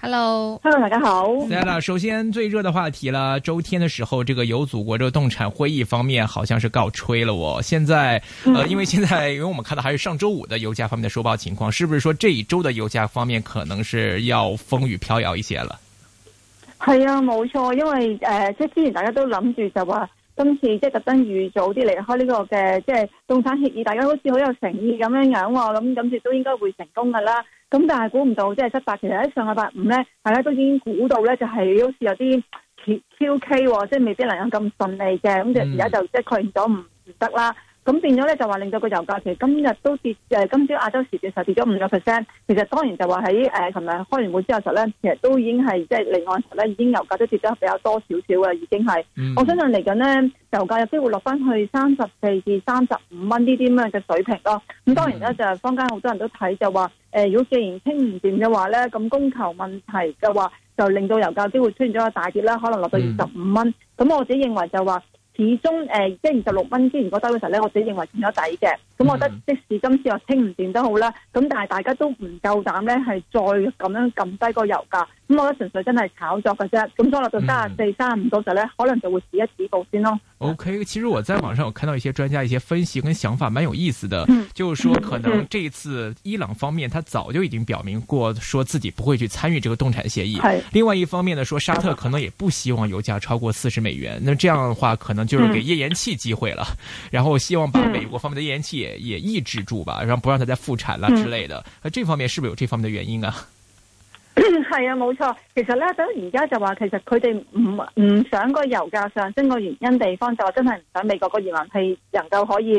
Hello，Hello，Hello，大家好。首先最熱的話題啦，周天的時候，這個有祖國這個凍產會議方面，好像是告吹了我。我現在，呃，因為現在，因為我們看到還是上周五的油價方面的收報情況，是不是說這一周的油價方面可能是要風雨飄搖一些了？係 啊，冇錯，因為誒、呃，即係之前大家都諗住就話，今次即係特登預早啲離開呢個嘅，即係凍產協議，大家好似好有誠意咁樣樣，我諗今次都應該會成功㗎啦。咁但係估唔到，即係失敗。其實上個八五呢，大家都已經估到呢，就係好似有啲蹺蹺 K 喎，即係未必能夠咁順利嘅。咁就而家就即係確認咗唔唔得啦。咁變咗咧，就話令到個油價其實今日都跌，呃、今朝亞洲時段就跌咗五個 percent。其實當然就話喺誒琴日開完會之後時咧，其實都已經係即係離岸時咧已經油價都跌得比較多少少嘅，已經係。嗯、我相信嚟緊咧，油價有機會落翻去三十四至三十五蚊呢啲咁樣嘅水平咯。咁當然咧，嗯、就係坊間好多人都睇就話，如、呃、果既然傾唔掂嘅話咧，咁供求問題嘅話，就令到油價有機會出現咗個大跌啦，可能落到二十五蚊。咁、嗯、我自己認為就話。始終誒，即係二十六蚊之前嗰單嗰時咧，我自己認為見咗底嘅。咁、嗯、我覺得，即使今次又清唔掂都好啦。咁但係大家都唔夠膽呢係再咁樣撳低個油價。咁我覺得純粹真係炒作嘅啫。咁當落到三十四、三十五度就呢，可能就會止一止步先咯。O K，其實我在網上有看到一些專家、一些分析跟想法，蠻有意思的。嗯、就是說可能這一次伊朗方面，他早就已經表明過，說自己不會去參與這個凍產協議。是另外一方面呢，說沙特可能也不希望油價超過四十美元。那這樣的話，可能就是給頁岩氣機會了。嗯、然後希望把美國方面的頁岩氣。也抑制住吧，然後不讓他再復產啦之類的，啊、嗯，這方面是不是有這方面的原因啊？係啊，冇錯，其實咧，等於而家就話，其實佢哋唔唔想個油價上升個原因地方就話真係唔想美國個移民係能夠可以，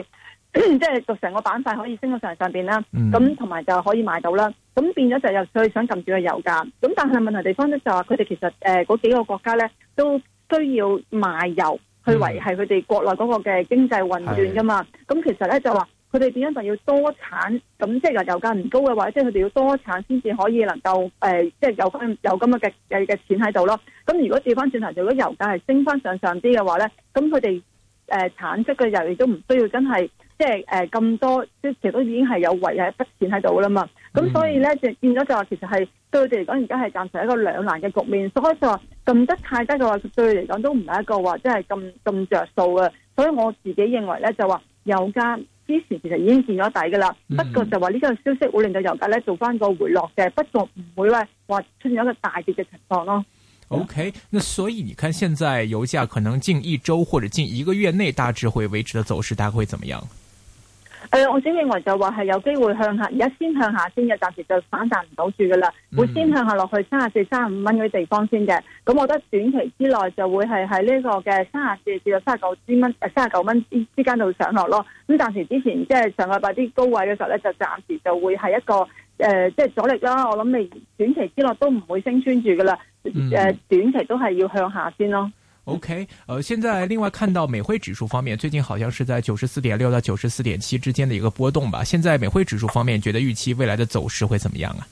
嗯、即係個成個板塊可以升到上上邊啦。咁同埋就可以買到啦。咁變咗就又所以想撳住個油價。咁但係問題地方咧就話佢哋其實誒嗰、呃、幾個國家咧都需要賣油去維繫佢哋國內嗰個嘅經濟運轉噶嘛。咁、嗯嗯嗯、其實咧就話。佢哋點樣就要多產？咁即係油油價唔高嘅話，即係佢哋要多產先至可以能夠誒，即、呃、係、即係、有翻有咁嘅嘅嘅錢喺度咯。咁如果調翻轉頭，如果油價係升翻上上啲嘅話咧，咁佢哋誒產出嘅油亦都唔需要真係即係誒咁多，即係其實都已經係有維有一筆錢喺度啦嘛。咁所以咧、mm. 就變咗就話，其實係對佢哋嚟講，而家係暫時一個兩難嘅局面。所以就話咁得太低嘅話，對佢嚟講都唔係一個話即係咁咁著數嘅。所以我自己認為咧，就話油價，之前其實已經見咗底噶啦，不過就話呢個消息會令到油價咧做翻個回落嘅，不過唔會話話出現一個大跌嘅情況咯。OK，那所以你看，現在油價可能近一周或者近一個月內大致會維持嘅走勢，大概會怎麼樣？誒、呃，我自己認為就話係有機會向下，而家先向下先嘅，暫時就反彈唔到住噶啦，會先向下落去三十四、三十五蚊嗰啲地方先嘅。咁我覺得短期之內就會係喺呢個嘅三十四至到三十九蚊誒，三十九蚊之之間度上落咯。咁暫時之前即係上個禮拜啲高位嘅時候咧，就暫時就會係一個誒，即、呃、係、就是、阻力啦。我諗你短期之內都唔會升穿住噶啦，誒、呃，短期都係要向下先咯。O K，誒，現在另外看到美匯指數方面，最近好像是在九十四點六到九十四點七之間的一個波動吧。現在美匯指數方面，覺得預期未來的走勢會怎麼樣啊？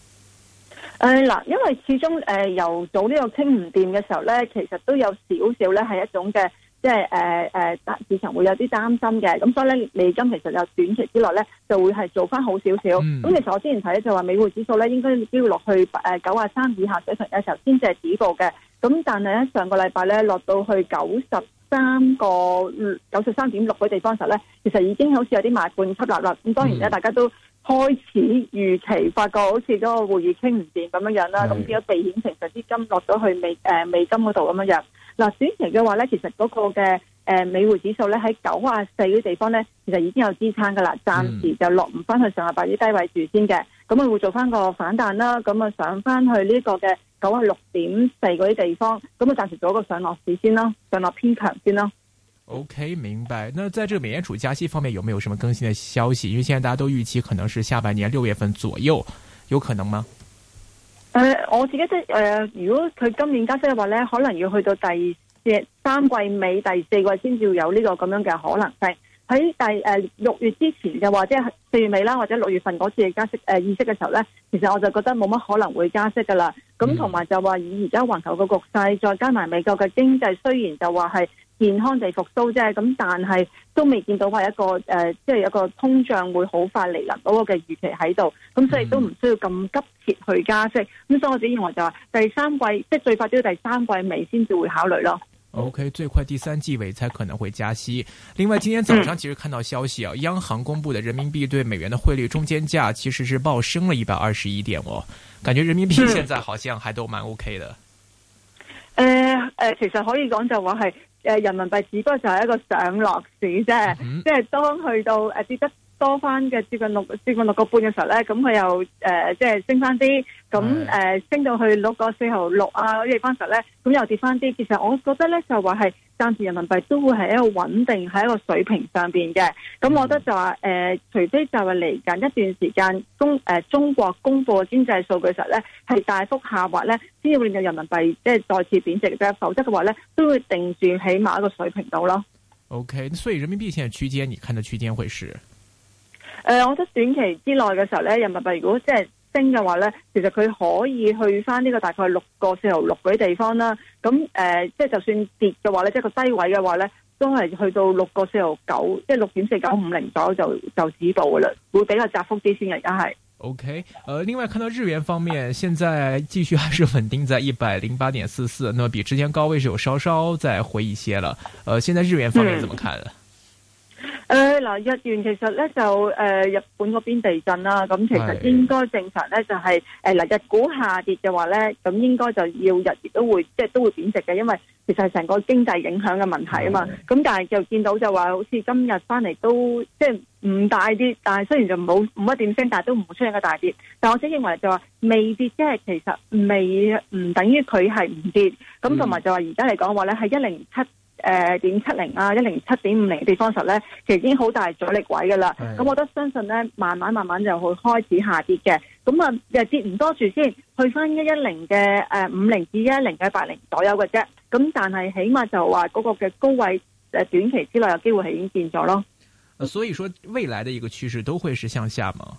誒嗱、呃，因為始終誒、呃、由早呢個傾唔掂嘅時候咧，其實都有少少咧係一種嘅，即係誒誒，市場會有啲擔心嘅，咁所以咧，美金其實有短期之內咧就會係做翻好少少。咁、嗯、其實我之前睇就話美匯指數咧應該要落去誒九十三以下水平嘅時候先至係底部嘅。咁但係咧，上個禮拜咧落到去九十三個九十三點六嗰地方嘅時候咧，其實已經好似有啲賣盤出納啦。咁當然咧，mm. 大家都開始預期，發覺好似嗰個會議傾唔掂咁樣樣啦。咁變咗避險情緒資金落咗去美誒、呃、美金嗰度咁樣樣？嗱，短期嘅話咧，其實嗰個嘅誒、呃、美匯指數咧喺九啊四嗰地方咧，其實已經有支撐噶啦，暫時就落唔翻去上下八啲低位住先嘅。咁啊，會做翻個反彈啦，咁啊上翻去呢個嘅九十六點四嗰啲地方，咁啊暫時做一個上落市先啦，上落偏強先啦。O、okay, K，明白。那在這個美聯儲加息方面，有沒有什麼更新的消息？因為現在大家都預期可能是下半年六月份左右，有可能嗎？誒、呃，我自己即誒、呃，如果佢今年加息嘅話咧，可能要去到第三季尾第四季先至有呢個咁樣嘅可能性。喺第誒六月之前嘅，即係四月尾啦，或者六月份嗰次嘅加息誒、呃、意識嘅時候咧，其實我就覺得冇乜可能會加息噶啦。咁同埋就話以而家環球嘅局勢，再加埋美國嘅經濟，雖然就話係健康地復甦啫，咁但係都未見到話一個誒、呃，即係一個通脹會好快嚟臨個嘅預期喺度。咁、嗯、所以都唔需要咁急切去加息。咁所以我自己認為就話第三季，即係最快都要第三季尾先至會考慮咯。OK，最快第三季尾才可能會加息。另外，今天早上其實看到消息啊，嗯、央行公布的人民幣對美元的匯率中間價其實是暴升了一百二十一點哦。感覺人民幣現在好像還都蠻 OK 的，嗯呃呃。其實可以講就話、係、呃、人民幣只不過就係一個上落市啫，即係當去到誒跌得。呃多翻嘅接近六接近六個半嘅時候咧，咁佢又誒、呃、即係升翻啲，咁誒、呃、升到去六個四毫六啊嗰啲翻時候咧，咁又跌翻啲。其實我覺得咧就話係暫時人民幣都會喺一個穩定喺一個水平上邊嘅。咁我覺得就話誒，除、呃、非就話嚟緊一段時間中誒、呃、中國公布經濟數據時候咧係大幅下滑咧，先要令到人民幣即係再次貶值啫。否則嘅話咧都會定住喺某一個水平度咯。OK，所以人民幣現在區間，你睇到區間會是？誒、呃，我覺得短期之內嘅時候咧，人民幣如果即係升嘅話咧，其實佢可以去翻呢個大概六個四毫六嗰啲地方啦。咁誒、即、呃、係就算跌嘅話咧，即係個低位嘅話咧，都係去到六個四毫九，即係六點四九五零左右就就止步噶啦，會比較窄幅啲先嘅而家係。O K，誒，另外看到日元方面，現在繼續還是穩定在一百零八點四四，那麼比之前高位是有稍稍再回一些啦。誒、呃，現在日元方面怎麼看？嗯誒，嗱、呃，日元其實咧就誒、呃，日本嗰邊地震啦、啊，咁其實應該正常咧、就是，就係誒，嗱，日股下跌嘅話咧，咁應該就要日元都會即係都會貶值嘅，因為其實係成個經濟影響嘅問題啊嘛。咁的但係就見到就話，好似今日翻嚟都即係唔大跌，但係雖然就冇乜點升，但係都唔會出現個大跌。但我只認為就話未跌，即係其實未唔等於佢係唔跌。咁同埋就話而家嚟講話咧，係一零七。誒，點七零啊，一零七點五零地方實咧，其實已經好大阻力位噶啦。咁的我都相信咧，慢慢慢慢就會開始下跌嘅。咁啊，又跌唔多住先，去翻一一零嘅誒五零至一一零嘅八零左右嘅啫。咁但係起碼就話嗰個嘅高位誒，短期之內有機會係已經變咗咯、呃。所以說未來嘅一個趨勢都會是向下嘛？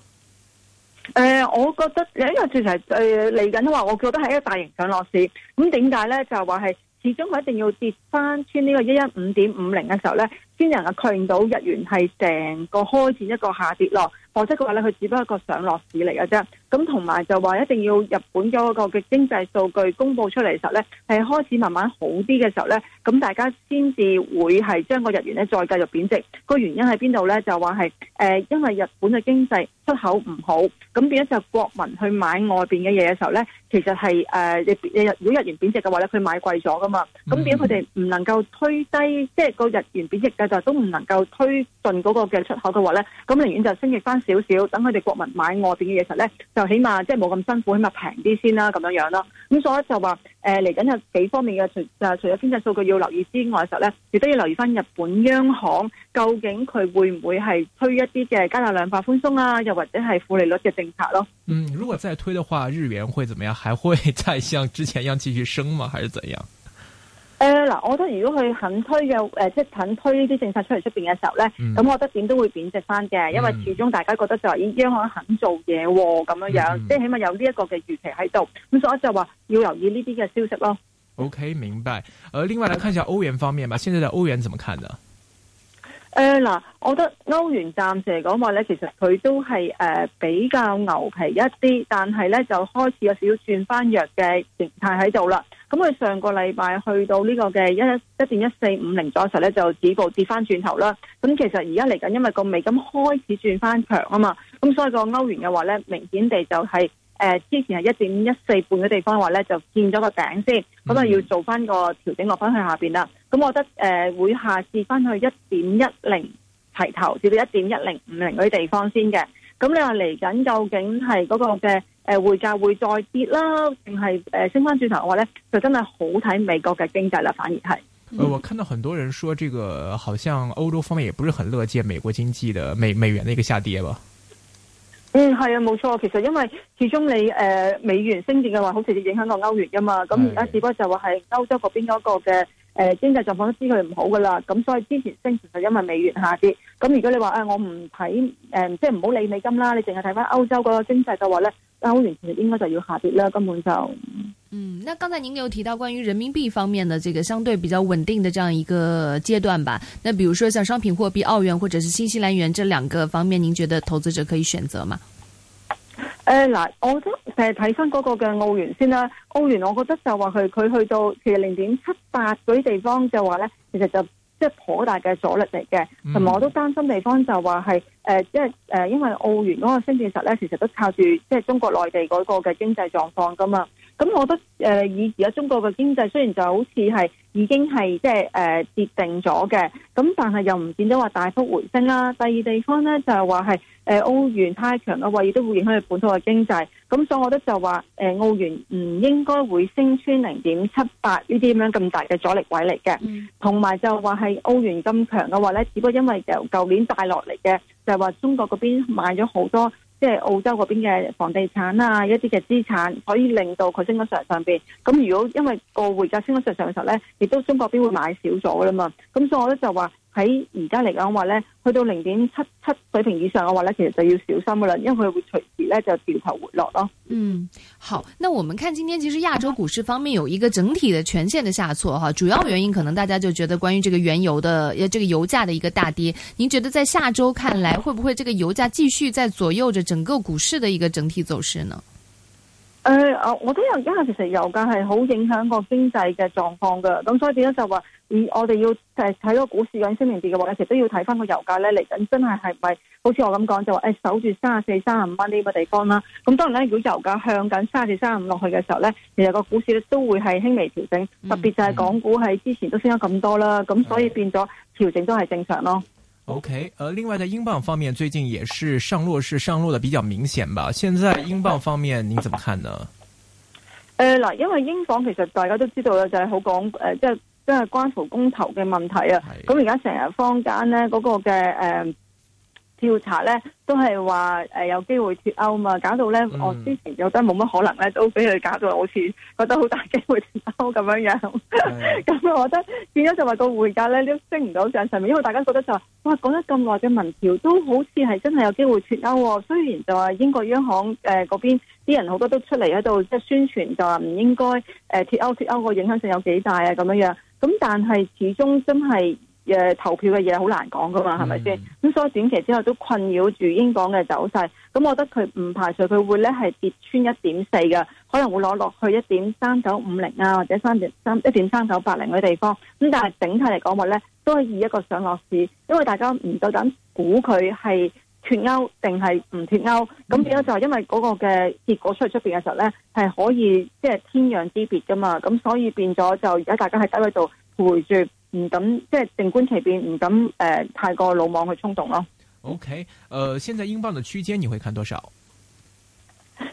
誒、呃，我覺得因為其實誒嚟緊話，我覺得係一個大型上落市。咁點解咧？就話係。始終佢一定要跌翻穿呢個一一五點五零嘅時候咧。先 人啊，確認到日元係成個開展一個下跌咯，否則嘅話咧，佢只不過一個上落市嚟嘅啫。咁同埋就話一定要日本嘅一個嘅經濟數據公布出嚟時候咧，係開始慢慢好啲嘅時候咧，咁大家先至會係將個日元咧再繼續貶值。個原因喺邊度咧？就話係誒，因為日本嘅經濟出口唔好，咁變咗就國民去買外邊嘅嘢嘅時候咧，其實係誒日日如果日元貶值嘅話咧，佢買貴咗噶嘛。咁變咗佢哋唔能夠推低，即係個日元貶值嘅。就都唔能夠推進嗰個嘅出口嘅話咧，咁寧願就升值翻少少，等佢哋國民買外邊嘅嘢時咧，就起碼即係冇咁辛苦，起碼平啲先啦咁樣樣咯。咁所以就話誒嚟緊有幾方面嘅除誒除咗經濟數據要留意之外嘅時候咧，亦都要留意翻日本央行究竟佢會唔會係推一啲嘅加大量化寬鬆啊，又或者係負利率嘅政策咯。嗯，如果再推嘅話，日元會怎麼樣？還會再像之前一樣繼續升嗎？還是怎樣？誒，嗱、呃，我覺得如果佢肯推嘅，誒、呃，即係肯推呢啲政策出嚟出邊嘅時候咧，咁、嗯、我覺得點都會貶值翻嘅，因為始終大家覺得就話，咦，央行肯做嘢、哦，咁樣樣，即係、嗯、起碼有呢一個嘅預期喺度，咁所以就話要留意呢啲嘅消息咯。O、okay, K，明白。誒，另外嚟看一下歐元方面吧，現在嘅歐元怎麼看呢？誒、呃，嗱、呃，我覺得歐元暫時嚟講話咧，其實佢都係誒、呃、比較牛皮一啲，但係咧就開始有少少轉翻弱嘅形態喺度啦。咁佢上個禮拜去到個 1, 1. 左呢個嘅一一點一四五零咗時候咧，就止步跌翻轉頭啦。咁其實而家嚟緊，因為個美金開始轉翻強啊嘛，咁所以個歐元嘅話咧，明顯地就係、是、誒、呃、之前係一點一四半嘅地方話咧，就見咗個頂先，咁啊要做翻個調整落翻去下面啦。咁我覺得誒、呃、會下試翻去一點一零齊頭，至到一點一零五零嗰啲地方先嘅。咁你話嚟緊究竟係嗰個嘅？誒，匯、呃、價會再跌啦，定係誒升翻轉頭嘅話咧，就真係好睇美國嘅經濟啦，反而係。誒、呃，我看到很多人說，這個好像歐洲方面也不是很樂見美國經濟的美美元嘅一個下跌吧？嗯，係啊，冇錯。其實因為始終你誒、呃、美元升跌嘅話，好直接影響到歐元噶嘛。咁而家只不過就話係歐洲嗰邊嗰個嘅誒、呃、經濟狀況都知佢唔好噶啦。咁所以之前升就因為美元下跌。咁如果你話誒、呃、我唔睇誒，即係唔好理美金啦，你淨係睇翻歐洲嗰個經濟嘅話咧。澳元其實應該就要下跌啦，根本就嗯。那剛才您有提到關於人民幣方面的這個相對比較穩定的這樣一個階段吧？那比如說像商品貨幣澳元或者是新西蘭元這兩個方面，您覺得投資者可以選擇嗎？誒嗱、呃，我都成日睇翻嗰個嘅澳元先啦，澳元我覺得就話佢佢去到其實零點七八嗰啲地方就話呢，其實就。即係頗大嘅阻力嚟嘅，同埋我都擔心地方就話係誒，即係誒，因為澳元嗰個升跌實咧，其實都靠住即係中國內地嗰個嘅經濟狀況噶嘛。咁我覺得以而家中國嘅經濟雖然就好似係已經係即係誒跌定咗嘅，咁但係又唔見到話大幅回升啦。第二地方咧就係話係誒澳元太強嘅話，亦都會影響佢本土嘅經濟。咁所以我覺得就話澳元唔應該會升穿零點七八呢啲咁樣咁大嘅阻力位嚟嘅，同埋、嗯、就話係澳元咁強嘅話咧，只不過因為由舊年帶落嚟嘅就話中國嗰邊買咗好多。即係澳洲嗰邊嘅房地產啊，一啲嘅資產可以令到佢升得上上邊。咁如果因為個匯價升得上上嘅時候咧，亦都中國邊會買少咗噶啦嘛。咁所以我咧就話喺而家嚟講話咧，去到零點七七水平以上嘅話咧，其實就要小心噶啦，因為佢會隨。咧就調頭回落咯。嗯，好。那我們看今天其實亞洲股市方面有一個整體的全線的下挫哈，主要原因可能大家就覺得關於這個原油的呃這個油價的一個大跌。您覺得在下周看來，會不會這個油價繼續在左右着整個股市的一個整體走勢呢？誒、呃，我都有，因為其實油價係好影響個經濟嘅狀況噶，咁所以變咗就話，以我哋要誒睇個股市嘅升跌嘅話，其實都要睇翻個油價咧嚟緊，真係係咪？好似我咁講就話，誒守住三十四、三十五蚊呢個地方啦。咁當然咧，如果油價向緊三十四、三十五落去嘅時候咧，其實個股市都會係輕微調整，特別就係港股係之前都升咗咁多啦，咁所以變咗調整都係正常咯。O K，而另外在英鎊方面，最近也是上落是上落得比較明顯吧？現在英鎊方面，你怎麼看呢？誒，嗱，因為英鎊其實大家都知道啦、呃，就係好講誒，即係即係關乎公投嘅問題啊。咁而家成日坊間咧嗰、那個嘅誒。呃調查咧都係話、呃、有機會脱歐嘛，搞到咧、嗯、我之前覺得冇乜可能咧，都俾佢搞到好似覺得好大機會脱歐咁樣樣咁的、 嗯、我覺得變咗就話個匯價咧都升唔到上上面，因為大家覺得就話哇講得咁耐嘅民調都好似係真係有機會脱歐喎、啊。雖然就話英國央行嗰、呃、邊啲人好多都出嚟喺度即係宣傳就話唔應該誒脱、呃、歐，脱歐個影響性有幾大啊咁樣樣。咁但係始終真係。誒投票嘅嘢好難講㗎嘛，係咪先？咁、mm hmm. 所以短期之後都困擾住英鎊嘅走勢。咁我覺得佢唔排除佢會咧係跌穿一點四嘅，可能會攞落去一點三九五零啊，或者三點三一點三九八零嘅地方。咁但係整體嚟講話咧，都係以一個上落市，因為大家唔夠膽估佢係脱歐定係唔脱歐。咁變咗就係因為嗰個嘅結果出嚟出邊嘅時候咧，係可以即係天壤之別㗎嘛。咁所以變咗就而家大家喺低度陪住。唔敢即係靜觀其變，唔敢誒、呃、太過魯莽去衝動咯。OK，誒、呃，現在英鎊嘅區間你會看多少？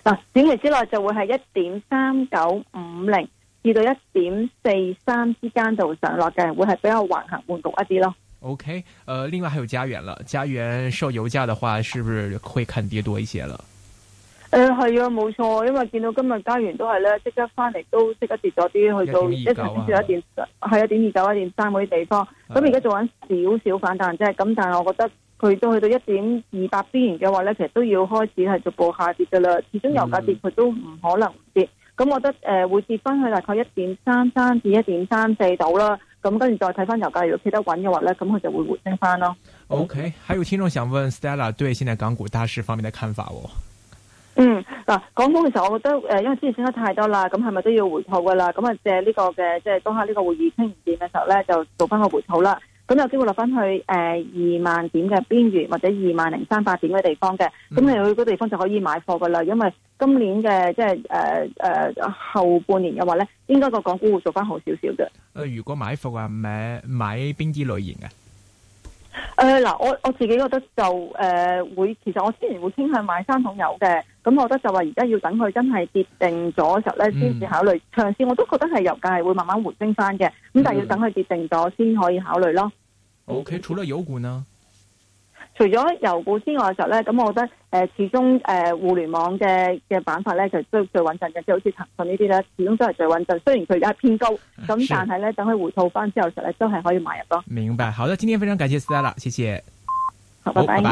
嗱，短期之內就會係一點三九五零至到一點四三之間就會上落嘅，會係比較橫行盤局一啲咯。OK，誒、呃，另外還有加元啦，加元受油價的話，是不是會看跌多一些了？誒，係啊、嗯，冇錯，因為見到今日加元都係咧，即刻翻嚟都即刻跌咗啲，去到一點二九啊，係一點二九啊，一點三嗰啲地方。咁而家做緊少少反彈啫，咁但係我覺得佢都去到一點二八邊緣嘅話咧，其實都要開始係逐步下跌噶啦。始終油價跌，佢都唔可能唔跌。咁、嗯、我覺得誒、呃，會跌翻去大概一點三三至一點三四度啦。咁跟住再睇翻油價，如果企得穩嘅話咧，咁佢就會回升翻咯。OK，還有聽眾想問 Stella 對現在港股大市方面嘅看法哦。嗯嗱，港股其實我覺得誒、呃，因為之前升得太多啦，咁係咪都要回吐噶啦？咁啊借呢個嘅，即係當下呢個會議傾完點嘅時候咧，就做翻個回吐啦。咁有機會落翻去誒、呃、二萬點嘅邊緣或者二萬零三百點嘅地方嘅，咁你去嗰個地方就可以買貨噶啦。因為今年嘅即係誒誒後半年嘅話咧，應該個港股會做翻好少少嘅。誒、呃，如果買貨啊，買買邊啲類型嘅？誒、呃，嗱、呃，我我自己覺得就誒、呃、會，其實我之前會傾向買三桶油嘅。咁我覺得就話而家要等佢真係跌定咗時候咧，先至、嗯、考慮長線。我都覺得係油價係會慢慢回升翻嘅，咁、嗯、但係要等佢跌定咗先可以考慮咯。O、okay, K，除咗油股呢？除咗油股之外呢，時候咧，咁我覺得誒、呃，始終誒、呃、互聯網嘅嘅板塊咧，其實都最穩陣嘅，即係好似騰訊呢啲咧，始終都係最穩陣。雖然佢而家係偏高，咁是但係咧，等佢回吐翻之後時候咧，都係可以買入咯。明白，好啦，今天非常感謝 Stella，謝謝。好，拜拜好。